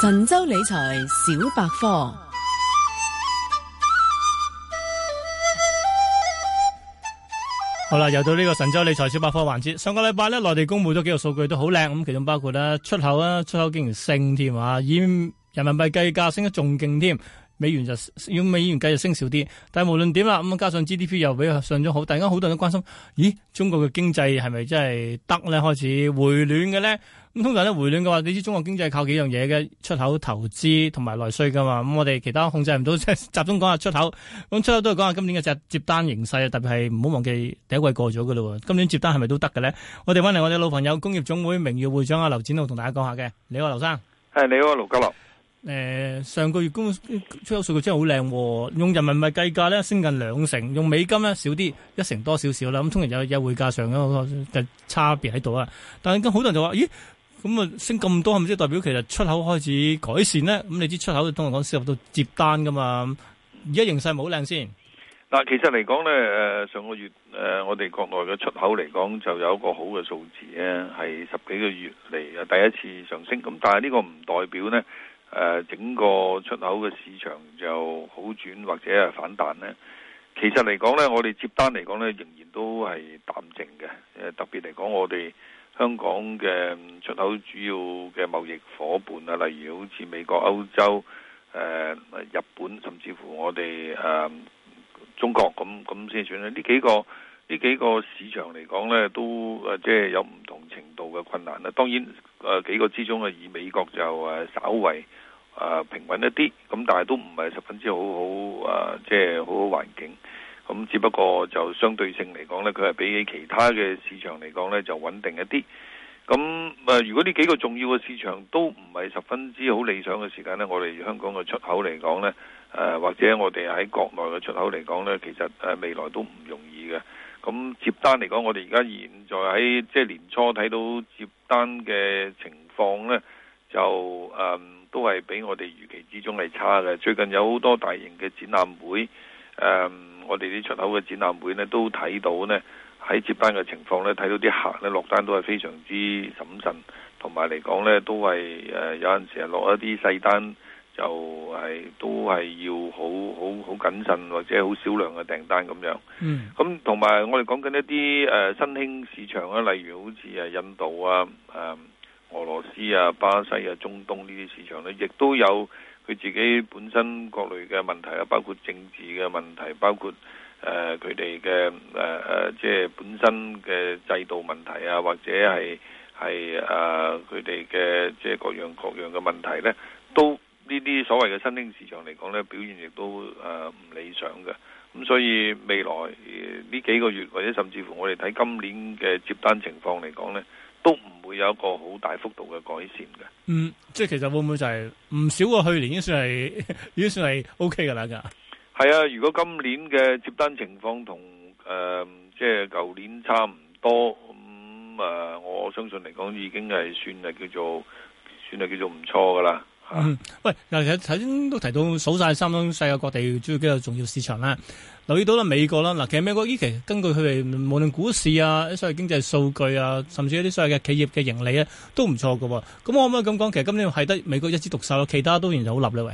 神州理財小百科。好啦，又到呢個神州理財小百科環節。上個禮拜呢，內地公布咗幾個數據都好靚，咁其中包括啦出口啊，出口竟然升添啊，以人民幣計價升得仲勁添，美元就以美元計就升少啲。但係無論點啦，咁啊加上 GDP 又比上咗好，大家好多人都關心，咦，中國嘅經濟係咪真係得呢？開始回暖嘅呢。通常咧回暖嘅話，你知中國經濟靠幾樣嘢嘅，出口、投資同埋內需噶嘛？咁、嗯、我哋其他控制唔到，即係集中講下出口。咁出口都係講下今年嘅只接單形勢，特別係唔好忘記第一季過咗噶啦。今年接單係咪都得嘅咧？我哋翻嚟我哋老朋友工業總會名譽會長阿劉展灝同大家講下嘅。你好，劉生，係你好，盧家樂。誒、呃，上個月工出口數據真係好靚，用人民幣計價咧升近兩成，用美金咧少啲一,一成多一，少少啦。咁通常有有匯價上嘅差別喺度啊。但係咁好多人就話，咦？咁啊、嗯，升咁多係咪即係代表其實出口開始改善呢？咁、嗯、你知出口通常講涉及到接單噶嘛？而家形勢唔係好靚先。嗱，其實嚟講咧，誒上個月誒、呃、我哋國內嘅出口嚟講就有一個好嘅數字咧，係十幾個月嚟啊第一次上升。咁但係呢個唔代表咧誒、呃、整個出口嘅市場就好轉或者係反彈咧。其實嚟講咧，我哋接單嚟講咧仍然都係淡靜嘅。誒特別嚟講我哋。香港嘅出口主要嘅貿易夥伴啊，例如好似美國、歐洲、誒、呃、日本，甚至乎我哋誒、呃、中國咁咁先算啦。呢幾個呢幾個市場嚟講咧，都誒即係有唔同程度嘅困難啦。當然誒、呃、幾個之中啊，以美國就誒稍為誒、呃、平穩一啲，咁但係都唔係十分之好好誒，即、呃、係、就是、好好環境。咁只不過就相對性嚟講呢，佢係比起其他嘅市場嚟講呢，就穩定一啲。咁誒，如果呢幾個重要嘅市場都唔係十分之好理想嘅時間呢，我哋香港嘅出口嚟講呢，誒、呃、或者我哋喺國內嘅出口嚟講呢，其實誒未來都唔容易嘅。咁接單嚟講，我哋而家現在喺即係年初睇到接單嘅情況呢，就誒、嗯、都係比我哋預期之中係差嘅。最近有好多大型嘅展覽會，誒、嗯。我哋啲出口嘅展覽會呢，都睇到呢喺接單嘅情況呢，睇到啲客呢落單都係非常之審慎、就是、是謹慎，同埋嚟講呢，都係誒有陣時落一啲細單，就係都係要好好好謹慎或者好少量嘅訂單咁樣。嗯，咁同埋我哋講緊一啲誒、呃、新興市場啊，例如好似啊印度啊、誒、呃、俄羅斯啊、巴西啊、中東呢啲市場呢，亦都有。佢自己本身各類嘅問題啊，包括政治嘅問題，包括誒佢哋嘅誒誒即係本身嘅制度問題啊，或者係係誒佢哋嘅即係各樣各樣嘅問題咧，都呢啲所謂嘅新興市場嚟講咧，表現亦都誒唔理想嘅。咁所以未來呢幾個月，或者甚至乎我哋睇今年嘅接單情況嚟講咧，都唔。有一個好大幅度嘅改善嘅，嗯，即係其實會唔會就係唔少過去年已經算，已經算係已經算係 OK 噶啦？噶係啊，如果今年嘅接單情況同誒即係舊年差唔多，咁、嗯、誒、呃、我相信嚟講已經係算係叫做算係叫做唔錯噶啦。嗯，喂，嗱，其實頭先都提到數晒三東世界各地主要幾個重要市場啦。留意到啦，美國啦，嗱，其實美國依期根據佢哋無論股市啊、所謂經濟數據啊，甚至一啲所謂嘅企業嘅盈利啊，都唔錯㗎喎。咁我可唔可以咁講？其實今年係得美國一枝獨秀，其他都仍然好難咧，喂。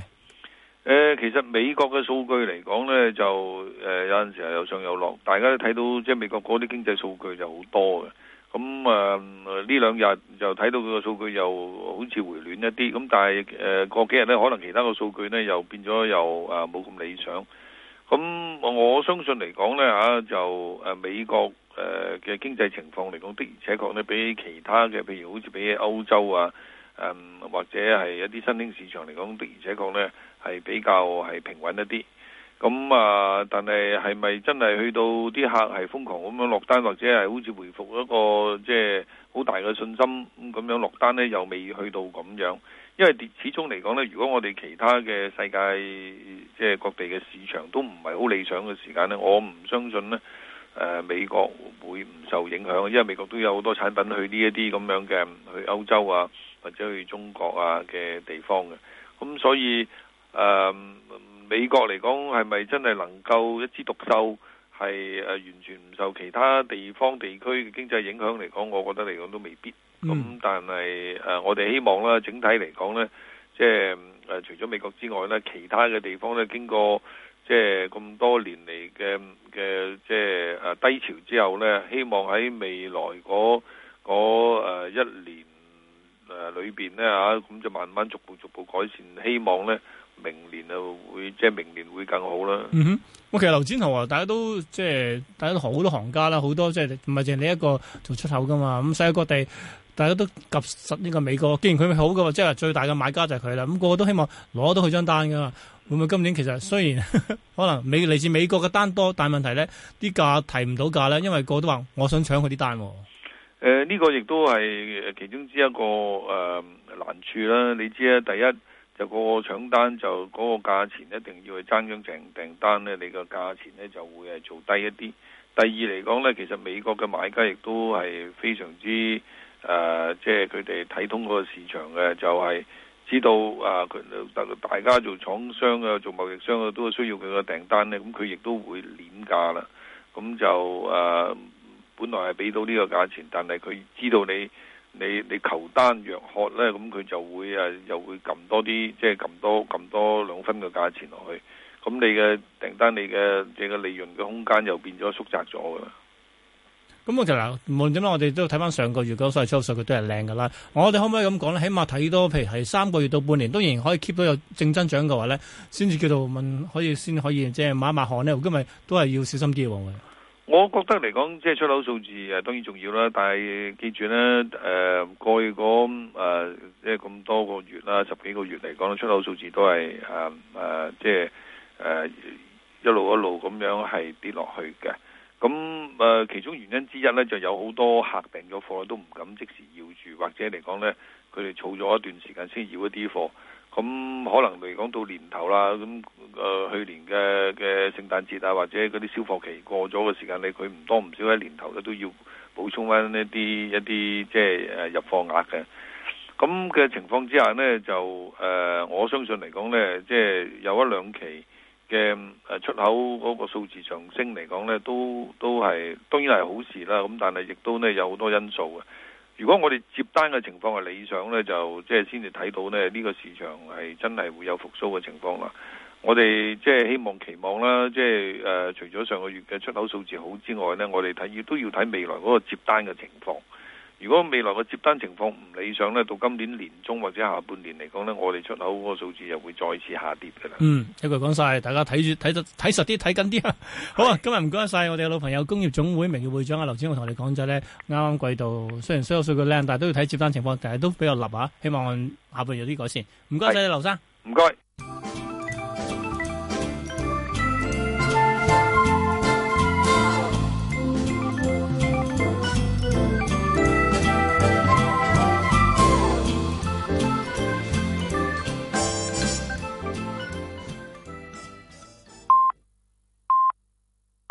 誒、呃，其實美國嘅數據嚟講呢，就誒、呃、有陣時有上有落，大家都睇到即係美國嗰啲經濟數據就好多嘅。咁啊呢兩日就睇到佢個數據又好似回暖一啲，咁但係誒、呃、過幾日呢，可能其他個數據呢又變咗又啊冇咁理想。咁我相信嚟講呢，吓、啊、就誒、啊、美國誒嘅、呃、經濟情況嚟講的而且確呢比其他嘅，譬如好似比歐洲啊。誒、嗯，或者係一啲新興市場嚟講，的而且確呢係比較係平穩一啲。咁啊，但係係咪真係去到啲客係瘋狂咁樣落單，或者係好似回復一個即係好大嘅信心咁樣落單呢？又未去到咁樣，因為始終嚟講呢，如果我哋其他嘅世界即係、就是、各地嘅市場都唔係好理想嘅時間呢，我唔相信呢。誒美國會唔受影響？因為美國都有好多產品去呢一啲咁樣嘅，去歐洲啊，或者去中國啊嘅地方嘅。咁所以誒美國嚟講，係咪真係能夠一枝獨秀？係誒完全唔受其他地方地區嘅經濟影響嚟講，我覺得嚟講都未必。咁但係誒我哋希望啦，整體嚟講呢，即係誒除咗美國之外呢，其他嘅地方呢，經過，即係咁多年嚟嘅嘅，即係誒、啊、低潮之後咧，希望喺未來嗰、啊、一年誒裏邊咧嚇，咁、啊啊、就慢慢逐步逐步改善，希望咧明年就會即係明年會更好啦。嗯哼，我其實劉展灝啊，大家都即係大家都好多行家啦，好多即係唔係淨係你一個做出口噶嘛，咁世界各地大家都及實呢個美國，既然佢好嘅話，即係最大嘅買家就係佢啦，咁個個都希望攞到佢張單噶嘛。會唔會今年其實雖然 可能美嚟自美國嘅單多，但係問題咧啲價提唔到價呢？因為個都話我想搶佢啲單，啊。誒、呃、呢、這個亦都係其中之一個誒、呃、難處啦。你知咧，第一就個個搶單就嗰個價錢一定要去爭張成訂單咧，你個價錢咧就會係做低一啲。第二嚟講呢，其實美國嘅買家亦都係非常之誒，即係佢哋睇通嗰個市場嘅，就係、是。知道啊，佢大家做廠商啊，做貿易商啊，都需要佢嘅訂單咧。咁佢亦都會攣價啦。咁、嗯、就啊，本來係俾到呢個價錢，但係佢知道你你你求單若渴咧，咁、嗯、佢就會啊，又會撳多啲，即係撳多撳多兩分嘅價錢落去。咁、嗯、你嘅訂單，你嘅你嘅利潤嘅空間又變咗縮窄咗嘅。咁我其實，無論點樣，我哋都要睇翻上個月嘅所謂出口數，佢都係靚嘅啦。我哋可唔可以咁講咧？起碼睇多，譬如係三個月到半年，當然可以 keep 到有正增長嘅話咧，先至叫做問可以先可以即係抹一抹汗咧。今日都係要小心啲喎。我覺得嚟講，即係出口數字誒當然重要啦，但係記住咧誒、呃、過去嗰誒、呃、即係咁多個月啦，十幾個月嚟講，出口數字都係誒誒即係誒、呃、一路一路咁樣係跌落去嘅。咁誒、呃，其中原因之一咧，就是、有好多客訂咗貨都唔敢即時要住，或者嚟講咧，佢哋儲咗一段時間先要一啲貨。咁可能嚟講到年頭啦，咁誒、呃、去年嘅嘅聖誕節啊，或者嗰啲消貨期過咗嘅時間咧，佢唔多唔少喺年頭咧都要補充返一啲一啲即係誒入貨額嘅。咁嘅情況之下呢，就誒、呃、我相信嚟講咧，即、就、係、是、有一兩期嘅。出口嗰個數字上升嚟講呢，都都係當然係好事啦。咁但係亦都呢，有好多因素嘅。如果我哋接單嘅情況係理想呢，就即係先至睇到呢呢個市場係真係會有復甦嘅情況啦。我哋即係希望期望啦，即係誒除咗上個月嘅出口數字好之外呢，我哋睇亦都要睇未來嗰個接單嘅情況。如果未來嘅接單情況唔理想咧，到今年年中或者下半年嚟講咧，我哋出口個數字又會再次下跌嘅啦。嗯，一句講晒，大家睇住睇到睇實啲，睇緊啲啊！ 好啊，是今日唔該晒我哋嘅老朋友工業總會名譽會長啊劉展灝同我哋講咗咧，啱啱季度雖然所有數據靚，但係都要睇接單情況，但係都比較立啊。希望下邊有啲改善。唔該晒劉生，唔該。